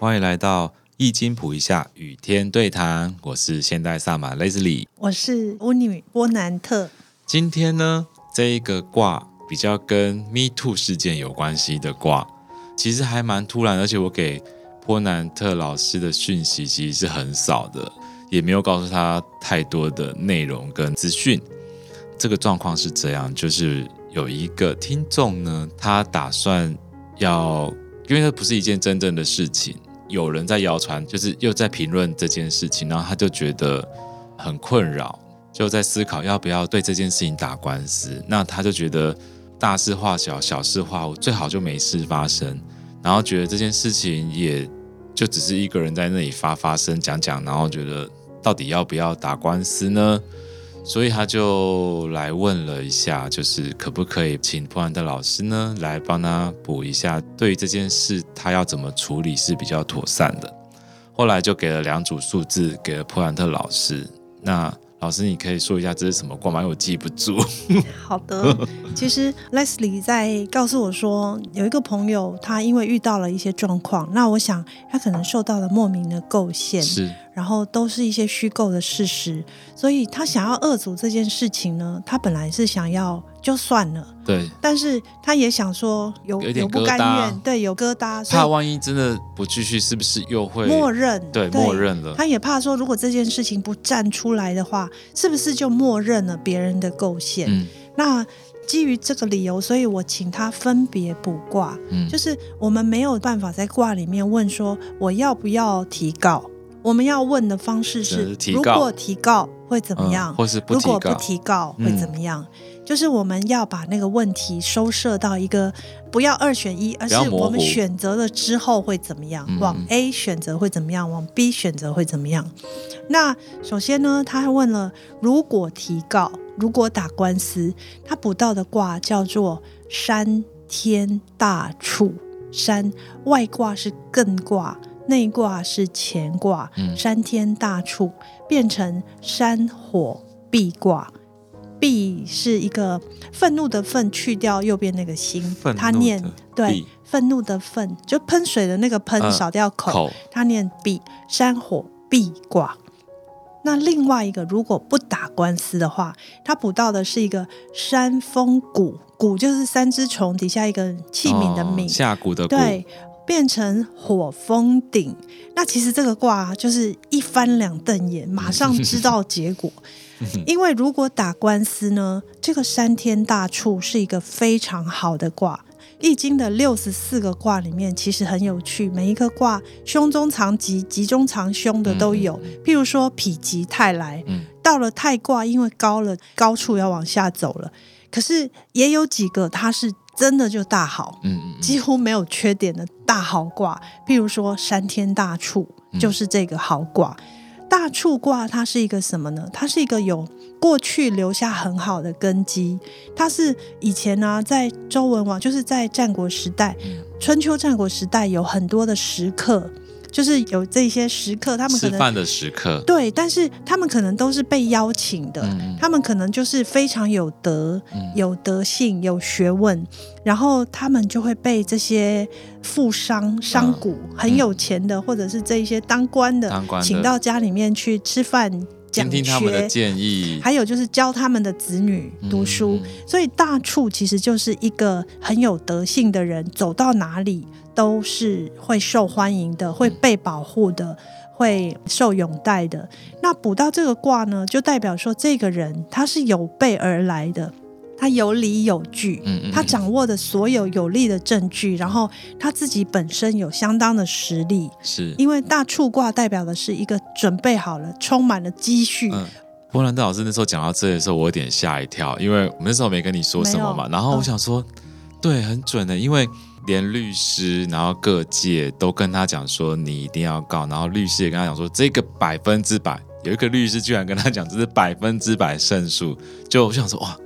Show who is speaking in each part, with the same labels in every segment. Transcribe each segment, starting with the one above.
Speaker 1: 歡迎來到《易經》卜一下與天對談，我是現代薩滿 Leslie，
Speaker 2: 我是巫女波南特。
Speaker 1: 今天呢，這一個卦比較跟 Me Too 事件有關係的卦，其實還蠻突然，而且我給波南特老師的訊息其實是很少的，也沒有告訴他太多的內容跟資訊。這個狀況是這樣，就是有一個聽眾呢，他打算要，因為這不是一件真正的事情。有人在謠傳，就是又在評論這件事情，然後他就覺得很困擾，就在思考要不要對這件事情打官司。那他就覺得大事化小，小事化無，最好就沒事發生。然後覺得這件事情也就只是一個人在那裡發發聲、講講，然後覺得到底要不要打官司呢？所以他就來問了一下，就是可不可以請普蘭特老師呢，來幫他卜一下？對於這件事，他要怎麼處理是比較妥善的？後來就給了兩組數字，給了普蘭特老師。那老師，你可以說一下這是什麼卦嗎？我記不住。
Speaker 2: 好的。 其實 Leslie 在告訴我說，有一個朋友他因為遇到了一些狀況，那我想他可能受到了莫名的構陷。是。然後都是一些虛構的事實，所以他想要遏阻這件事情呢，他本來是想要就算了，對，但是他也想說有有，有不甘願，啊、對，有疙瘩，所以怕
Speaker 1: 萬一真的不繼續，是不是又會默認？對，對，默認了。他也
Speaker 2: 怕說，如果這件事情不站出來的話，是不是就默認了別人的構陷？嗯，那基於這個理由，所以我請他分別卜卦，嗯、就是我們沒有辦法在卦裡面問說我要不要提告，我們要問的方式是：提告，如果提告會怎麼樣？呃、如果不提告，嗯、會怎麼樣？就是我們要把那個問題收攝到一個不要二選一，而是我們選擇了之後會怎麼樣？往 A 選擇會怎麼樣？嗯、往 B 選擇會怎麼樣？那首先呢，他還問了：如果提告，如果打官司，他卜到的卦叫做山天大畜。山外卦是艮卦。內卦是乾卦，山天大畜，嗯、變成山火賁卦。賁是一個憤怒的憤，去掉右邊那個心，他念對憤怒的憤，就噴水的那個噴，少掉口，呃、口，他念賁，山火賁卦。那另外一個，如果不打官司的話，他卜到的是一個山風蠱，蠱就是三隻蟲底下一個器皿的皿、哦，
Speaker 1: 下蠱的蠱。對
Speaker 2: 變成火風鼎，那其實這個卦、啊、就是一翻兩瞪眼，馬上知道結果。 因為如果打官司呢，這個山天大畜是一個非常好的卦。易經的六十四個卦裡面，其實很有趣，每一個卦凶中藏吉，吉中藏凶的都有。嗯嗯，譬如說否極泰來，嗯、到了泰卦，因為高了，高處要往下走了。可是也有幾個它是。真的就大好，嗯嗯幾乎沒有缺點的大好卦，譬如說山天大畜就是這個好卦。大畜卦它是一個什麼呢？它是一個有過去留下很好的根基。它是以前呢、啊、在周文王，就是在戰國時代、春秋戰國時代有很多的時刻。就是有這些食客，他們可能吃飯的食客，對，但是他們可能都是被邀請的，嗯、他們可能就是非常有德、嗯、有德性、有學問，然後他們就會被這些富商、嗯、商賈很有錢的，嗯、或者是這一些當官的，當官的請到家裡面去吃飯，講聽，聽他們的建議，學還有就是教他們的子女讀書。嗯、所以大處其實就是一個很有德性的人，走到哪裡。都是會受歡迎的，會被保護的，嗯、會受擁戴的。那補到這個卦呢，就代表說這個人他是有備而來的，他有理有據，嗯、他掌握的所有有利的證據，嗯、然後他自己本身有相當的實力。是，因為大畜卦代表的是一個準備好了，充滿了積蓄。嗯、
Speaker 1: 波蘭大老師那時候講到這的時候，我有點嚇一跳，因為我們那時候沒跟你說什麼嘛。有然後我想說，嗯、對，很準的、欸，因為。連律師，然後各界都跟他講說，你一定要告。然後律師也跟他講說，這個百分之百有一個律師居然跟他講，這是百分之百勝訴。就我想說哇，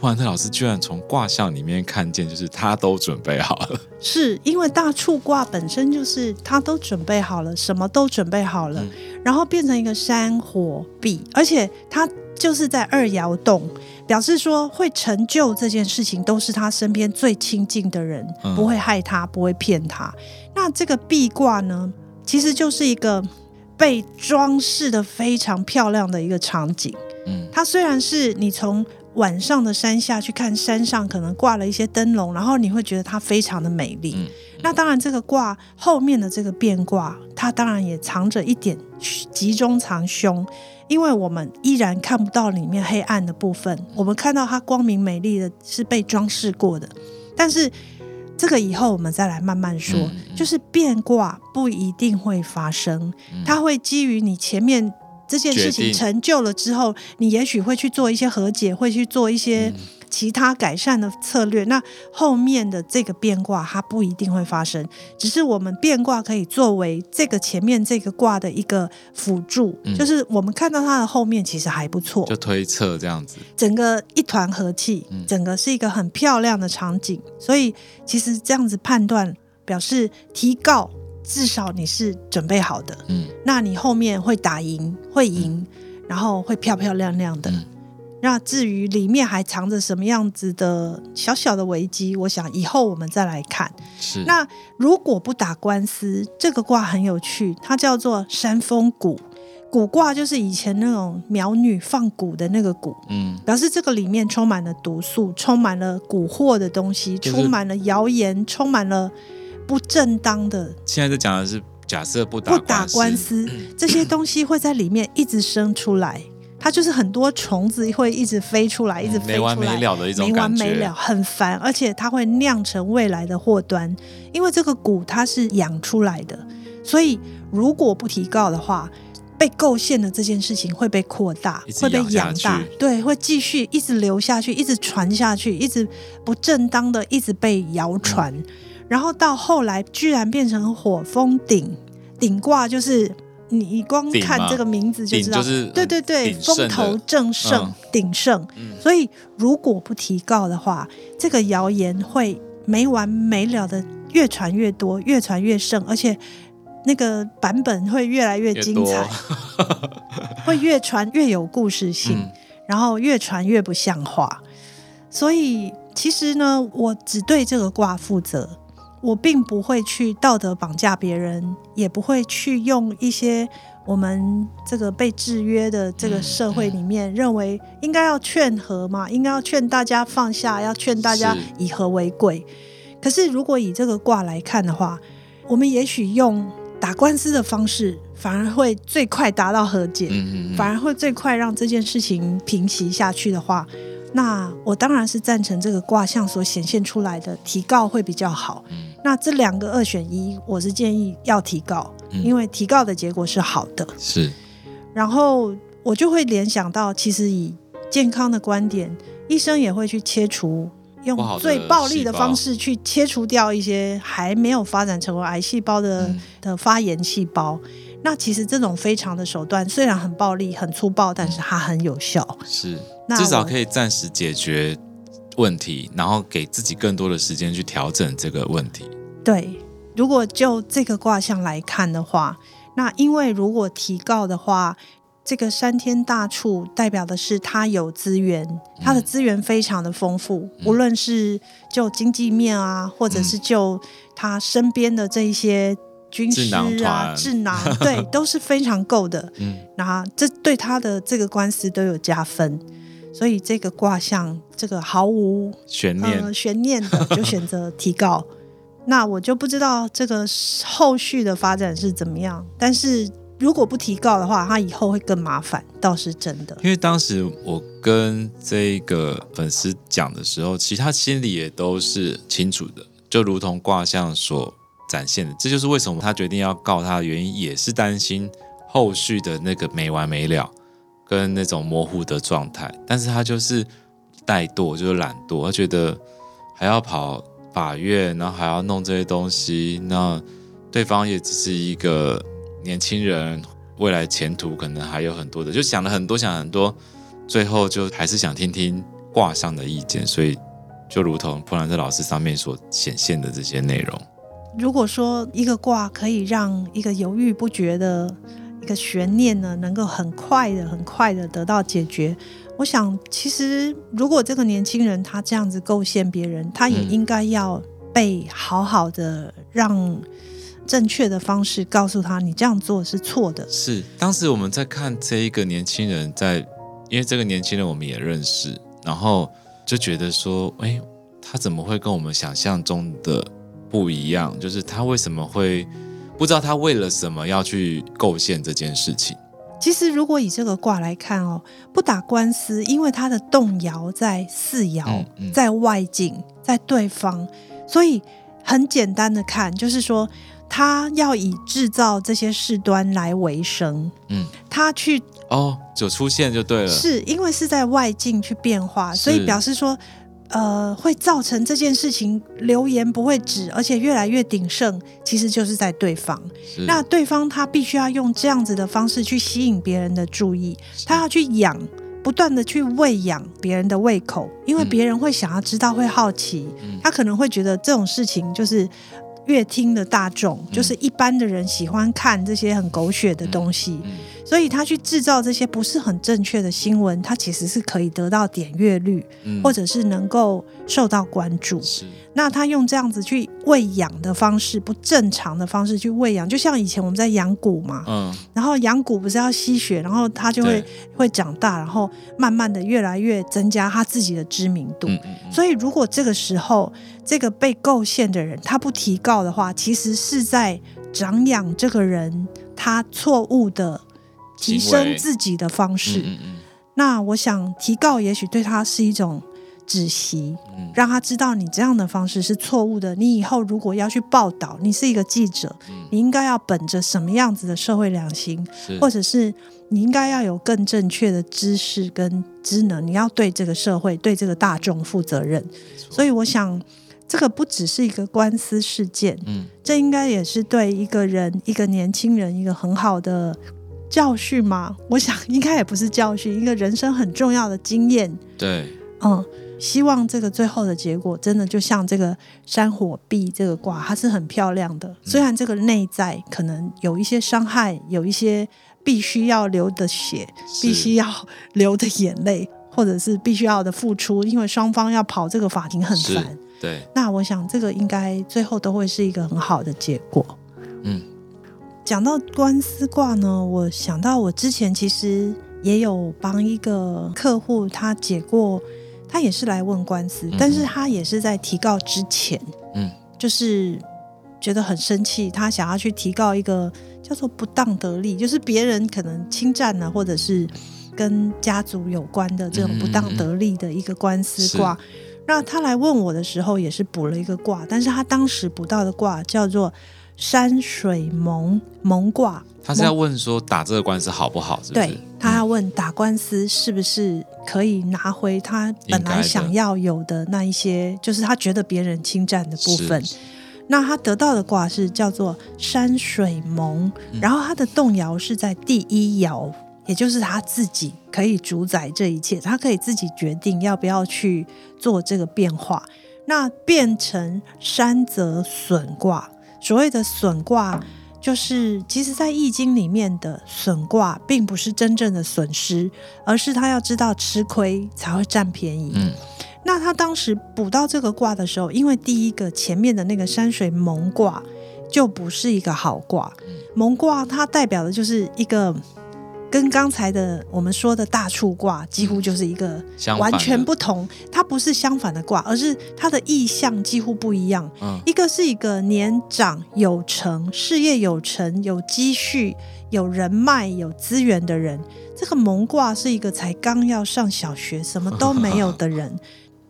Speaker 1: 萬他老師居然從卦象裡面看見，就是他都準備好了，
Speaker 2: 是因為大畜卦本身就是他都準備好了，什麼都準備好了，嗯、然後變成一個山火賁，而且他。就是在二爻動，表示說會成就這件事情，都是他身邊最親近的人，嗯、不會害他，不會騙他。那這個賁卦呢，其實就是一個被裝飾得非常漂亮的一個場景。嗯，它雖然是你從。晚上的山下去看山上，可能掛了一些燈籠，然後你會覺得它非常的美麗。那當然，這個卦後面的這個變卦，它當然也藏着一點吉中藏凶，因為我們依然看不到裡面黑暗的部分，我們看到它光明美麗的，是被裝飾過的。但是這個以後我們再來慢慢說，就是變卦不一定會發生，它會基於你前面。這件事情成就了之後，定你也許會去做一些和解，會去做一些其他改善的策略。嗯、那後面的這個變卦，它不一定會發生，只是我們變卦可以作為這個前面這個卦的一個輔助，嗯、就是我們看到它的後面其實還不錯，
Speaker 1: 就推測這樣子，
Speaker 2: 整個一團和氣，嗯、整個是一個很漂亮的場景。所以其實這樣子判斷，表示提告。至少你是準備好的，嗯，那你後面會打贏，會贏，嗯、然後會漂漂亮亮的。嗯、那至於裡面還藏着什麼樣子的小小的危機，我想以後我們再來看。是。那如果不打官司，這個卦很有趣，它叫做山風蠱。蠱卦就是以前那種苗女放蠱的那個蠱，嗯，表示這個裡面充滿了毒素，充滿了蠱惑的東西，就是、充滿了謠言，充滿了。不正當的，
Speaker 1: 現在在講的是假設不打不打官
Speaker 2: 司，這些東西會在裡面一直生出來，它就是很多蟲子會一直飛出來，一直飛出來，沒完沒了的一種感覺，沒完沒了，很煩，而且它會釀成未來的禍端。因為這個蠱它是養出來的，所以如果不提告的話，被構陷的這件事情會被擴大，會被養大，對，會繼續一直留下去，一直傳下去，一直不正當的一直被謠傳。嗯然後到後來，居然變成火風鼎，鼎卦，就是你你光看這個名字就知道，是對對對，風頭正盛鼎、嗯、盛。所以如果不提告的話，這個謠言會沒完沒了的越傳越多，越傳越盛，而且那個版本會越來越精彩，越多 會越傳越有故事性，嗯、然後越傳越不像話。所以其實呢，我只對這個卦負責。我並不會去道德綁架別人，也不會去用一些我們這個被制約的這個社會裡面認為應該要勸和嘛，應該要勸大家放下，要勸大家以和為貴。是。可是如果以這個卦來看的話，我們也許用打官司的方式，反而會最快達到和解，反而會最快讓這件事情平息下去的話，那我當然是贊成這個卦象所顯現出來的提告會比較好。嗯、那這兩個二選一，我是建議要提告，嗯、因為提告的結果是好的。是，然後我就會聯想到，其實以健康的觀點，醫生也會去切除，
Speaker 1: 用最暴力的方式
Speaker 2: 去切除掉一些還沒有發展成為癌細胞的、嗯、的發炎細胞。那其實這種非常的手段雖然很暴力，很粗暴，但是它很有效，
Speaker 1: 是那我至少可以暫時解決問題，然後給自己更多的時間去調整這個問題。
Speaker 2: 對，如果就這個卦象來看的話，那因為如果提告的話，這個山天大畜代表的是它有資源，它的資源非常的豐富，嗯、無論是就經濟面啊，嗯、或者是就他身邊的這一些。軍師啊，智囊團，智囊，對，都是非常夠的。 嗯，那這對他的這個官司都有加分，所以這個卦象，這個毫無
Speaker 1: 懸懸念，呃，
Speaker 2: 懸念的就選擇提告。 那我就不知道這個後續的發展是怎麼樣。但是如果不提告的話，他以後會更麻煩，倒是真的。因
Speaker 1: 為當時我跟這個粉絲講的時候，其實他心裡也都是清楚的，就如同卦象所。展現的，這就是為什麼他決定要告他的原因，也是擔心後續的那個沒完沒了跟那種模糊的狀態。但是他就是怠惰，就是懶惰，他覺得還要跑法院，然後還要弄這些東西。那對方也只是一個年輕人，未來前途可能還有很多的，就想了很多，想很多，最後就還是想聽聽卦上的意見。所以，就如同破蘭在老師上面所顯現的這些內容。
Speaker 2: 如果說一個卦可以讓一個猶豫不決的一個懸念呢，能夠很快的、很快的得到解決，我想其實如果這個年輕人他這樣子構陷別人，他也應該要被好好的讓正確的方式告訴他，你這樣做是錯的。
Speaker 1: 是當時我們在看這一個年輕人在，因為這個年輕人我們也認識，然後就覺得說，哎，他怎麼會跟我們想象中的？不一樣，就是他為什麼會不知道他為了什麼要去構陷這件事情？
Speaker 2: 其實如果以這個卦來看哦，不打官司，因為他的動搖在四爻，嗯嗯、在外境，在對方，所以很簡單的看，就是說他要以制造這些事端來為生。嗯，他去
Speaker 1: 哦，就出現就對了，是
Speaker 2: 因為是在外境去變化，是所以表示說。呃，會造成這件事情流言不會止，而且越來越鼎盛，其實就是在對方。是那對方他必須要用這樣子的方式去吸引別人的注意，他要去養，不斷的去餵養別人的胃口，因為別人會想要知道，嗯、會好奇，他可能會覺得這種事情就是越聽的大眾，嗯、就是一般的人喜歡看這些很狗血的東西。嗯嗯所以他去製造這些不是很正確的新聞，他其實是可以得到點閱率，嗯、或者是能夠受到關注。是，那他用這樣子去餵養的方式，不正常的方式去餵養，就像以前我們在養蠱嘛，嗯，然後養蠱不是要吸血，然後他就會對會長大，然後慢慢的越來越增加他自己的知名度。嗯嗯嗯，所以如果這個時候這個被構陷的人他不提告的話，其實是在長養這個人他錯誤的。提昇自己的方式，嗯嗯嗯、那我想提告，也許對他是一種止息，嗯、讓他知道你這樣的方式是錯誤的。你以後如果要去報道，你是一個記者，嗯、你應該要本着什麼樣子的社會良心，是或者是你應該要有更正確的知識跟知能，你要對這個社會、對這個大眾負責任。錯所以，我想、嗯、這個不只是一個官司事件，嗯、這應該也是對一個人、一個年輕人一個很好的。教訓嗎？我想應該也不是教訓，一個人生很重要的經驗。對，嗯，希望這個最後的結果真的就像這個山火賁這個卦，它是很漂亮的。嗯、雖然這個內在可能有一些傷害，有一些必須要流的血，是必須要流的眼淚，或者是必須要的付出，因為雙方要跑這個法庭很煩。對，那我想這個應該最後都會是一個很好的結果。嗯。講到官司卦呢，我想到我之前其實也有幫一個客戶，他解過，他也是來問官司，嗯、哼但是他也是在提告之前，嗯，就是覺得很生氣，他想要去提告一個叫做不當得利，就是別人可能侵占了或者是跟家族有關的這種不當得利的一個官司卦。嗯嗯，那他來問我的時候，也是卜了一個卦，但是他當時卜到的卦叫做。山水蒙蒙卦，
Speaker 1: 他是要問說打這個官司好不好是不是？
Speaker 2: 對，他要問打官司是不是可以拿回他本來想要有的那一些，就是他覺得別人侵占的部分。是那他得到的卦是叫做山水蒙，嗯、然後他的動爻是在第一爻，也就是他自己可以主宰這一切，他可以自己決定要不要去做這個變化。那變成山澤損卦。所謂的損卦，就是其實在《易經》裡面的損卦，並不是真正的損失，而是他要知道吃虧才會佔便宜。嗯，那他當時卜到這個卦的時候，因為第一個前面的那個山水蒙卦就不是一個好卦，蒙卦它代表的就是一個。跟剛才的我們說的大畜卦幾乎就是一個完全不同，它不是相反的卦，而是它的意象幾乎不一樣。嗯、一個是一個年長有成、事業有成、有積蓄、有人脈、有資源的人，這個蒙卦是一個才剛要上小學、什麼都沒有的人，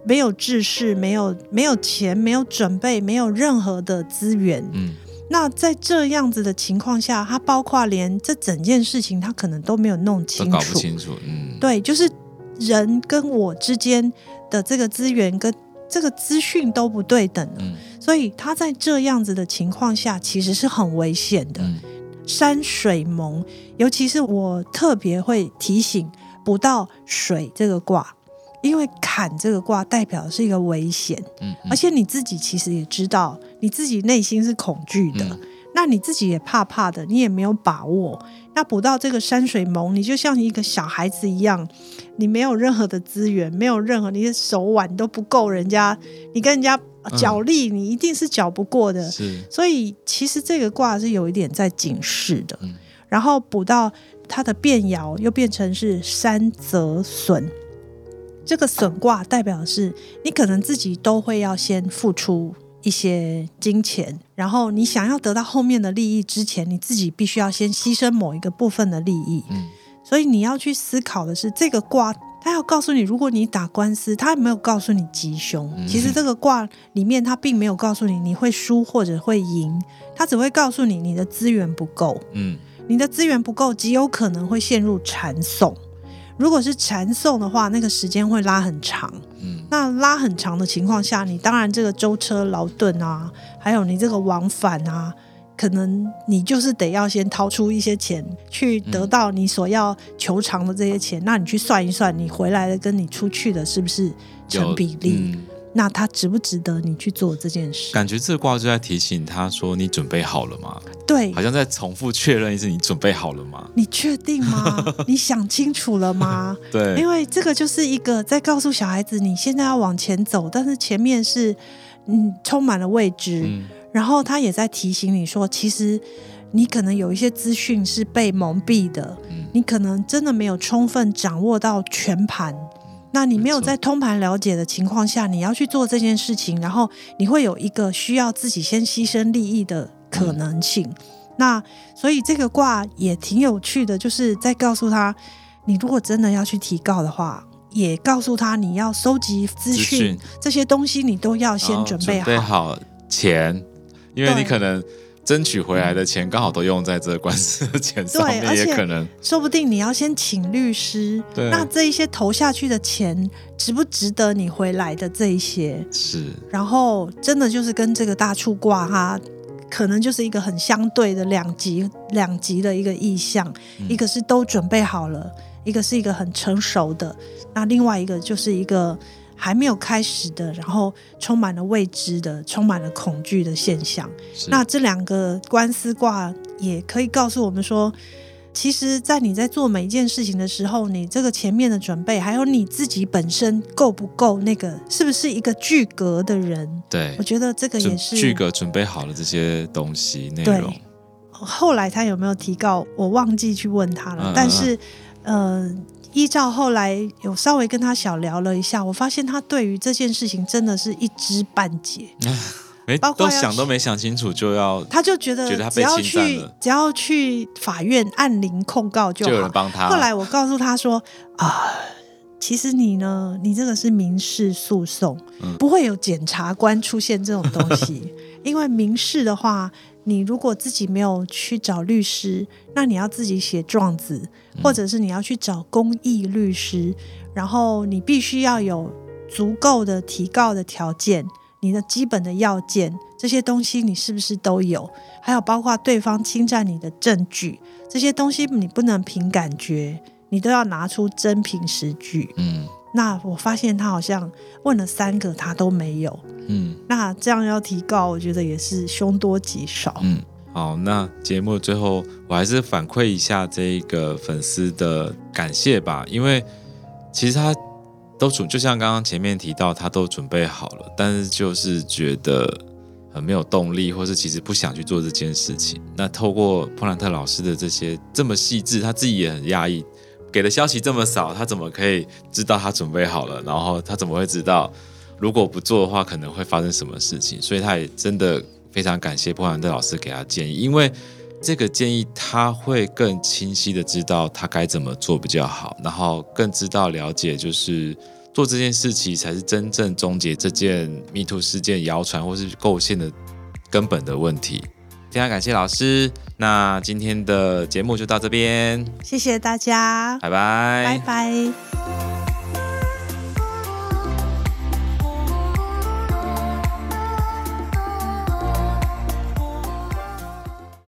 Speaker 2: 沒有知識，沒有沒有錢，沒有準備，沒有任何的資源。嗯那在這樣子的情況下，他包括連這整件事情，他可能都沒有弄清楚。都搞不
Speaker 1: 清楚，嗯，
Speaker 2: 對，就是人跟我之間的這個資源跟這個資訊都不對等了，嗯，所以他在這樣子的情況下，其實是很危險的。嗯、山水蒙，尤其是我特別會提醒，卜到水這個卦。因為坎這個卦代表的是一個危險，嗯嗯、而且你自己其實也知道，你自己內心是恐懼的。嗯、那你自己也怕怕的，你也沒有把握。那補到這個山水蒙，你就像一個小孩子一樣，你沒有任何的資源，沒有任何你的手腕都不夠人家，你跟人家角力，嗯、你一定是角不過的。是，所以其實這個卦是有一點在警示的。嗯、然後補到它的變爻又變成是山澤損。這個損卦代表的是，你可能自己都會要先付出一些金錢，然後你想要得到後面的利益之前，你自己必須要先犧牲某一個部分的利益。嗯，所以你要去思考的是，這個卦它要告訴你，如果你打官司，它有沒有告訴你吉凶？嗯，其實這個卦裡面它並沒有告訴你你會輸或者會贏，它只會告訴你你的資源不夠。嗯，你的資源不夠，極有可能會陷入纏訟。如果是纏訟的話，那個時間會拉很長。嗯、那拉很長的情況下，你當然這個舟車勞頓啊，還有你這個往返啊，可能你就是得要先掏出一些錢去得到你所要求償的這些錢。嗯、那你去算一算，你回來的跟你出去的是不是成比例？那他值不值得你去做這件事？
Speaker 1: 感覺這卦就在提醒他說：“你準備好了嗎？”對，好像在重複確認一次：“你準備好了嗎？”
Speaker 2: 你確定嗎？ 你想清楚了嗎？
Speaker 1: 對，因為
Speaker 2: 這個就是一個在告訴小孩子：“你現在要往前走，但是前面是充嗯充滿了未知。”然後他也在提醒你說：“其實你可能有一些資訊是被蒙蔽的，嗯、你可能真的沒有充分掌握到全盤。”那你沒有在通盤了解的情況下，錯你要去做這件事情，然後你會有一個需要自己先犧牲利益的可能性。嗯、那所以這個卦也挺有趣的，就是在告訴他，你如果真的要去提告的話，也告訴他你要收集資訊訊這些東西，你都要先準備，哦、準
Speaker 1: 備好錢，因為你可能。爭取回來的錢剛好都用在這官司的錢上面，對，而且也可能
Speaker 2: 說不定你要先請律師，對，那這一些投下去的錢值不值得你回來的這一些是，然後真的就是跟這個大處掛哈，嗯、可能就是一個很相對的兩極、兩極的一個意向，嗯、一個是都準備好了，一個是一個很成熟的，那另外一個就是一個。還沒有開始的，然後充滿了未知的，充滿了恐懼的現象。是那這兩個官司卦也可以告訴我們說，其實，在你在做每一件事情的時候，你這個前面的準備，還有你自己本身夠不夠那個，是不是一個具格的人？對，我覺得這個也是具
Speaker 1: 格準備好了這些東西內
Speaker 2: 容。後來他有沒有提告？我忘記去問他了。啊啊啊但是，嗯、呃。依照後來有稍微跟他小聊了一下，我發現他對於這件事情真的是一知半解，
Speaker 1: 沒都想都沒想清楚就要，他就覺得只要去他
Speaker 2: 被只要去法院按鈴控告就好，就有人幫他。後來我告訴他說啊，其實你呢，你這個是民事訴訟，嗯、不會有檢察官出現這種東西， 因為民事的話。你如果自己沒有去找律師，那你要自己寫狀子，或者是你要去找公益律師，嗯，然後你必須要有足夠的提告的條件，你的基本的要件這些東西你是不是都有？還有包括對方侵占你的證據，這些東西你不能憑感覺，你都要拿出真憑實據。嗯。那我發現他好像問了三個，他都沒有。嗯，那這樣要提告，我覺得也是凶多吉少。嗯，
Speaker 1: 好，那節目最後我還是反饋一下這一個粉絲的感謝吧，因為其實他都準，就像剛剛前面提到，他都準備好了，但是就是覺得很沒有動力，或是其實不想去做這件事情。那透過布蘭特老師的這些這麼細緻，他自己也很訝異。給的消息這麼少，他怎麼可以知道他準備好了？然後他怎麼會知道，如果不做的話可能會發生什麼事情？所以他也真的非常感謝波蘭德老師給他建議，因為這個建議他會更清晰的知道他該怎麼做比較好，然後更知道了解，就是做這件事情才是真正終結這件 MeToo 事件謠傳或是構陷的根本的問題。非常感謝老師，那今天的節目就到這邊，謝謝大家，拜拜，拜拜。拜
Speaker 2: 拜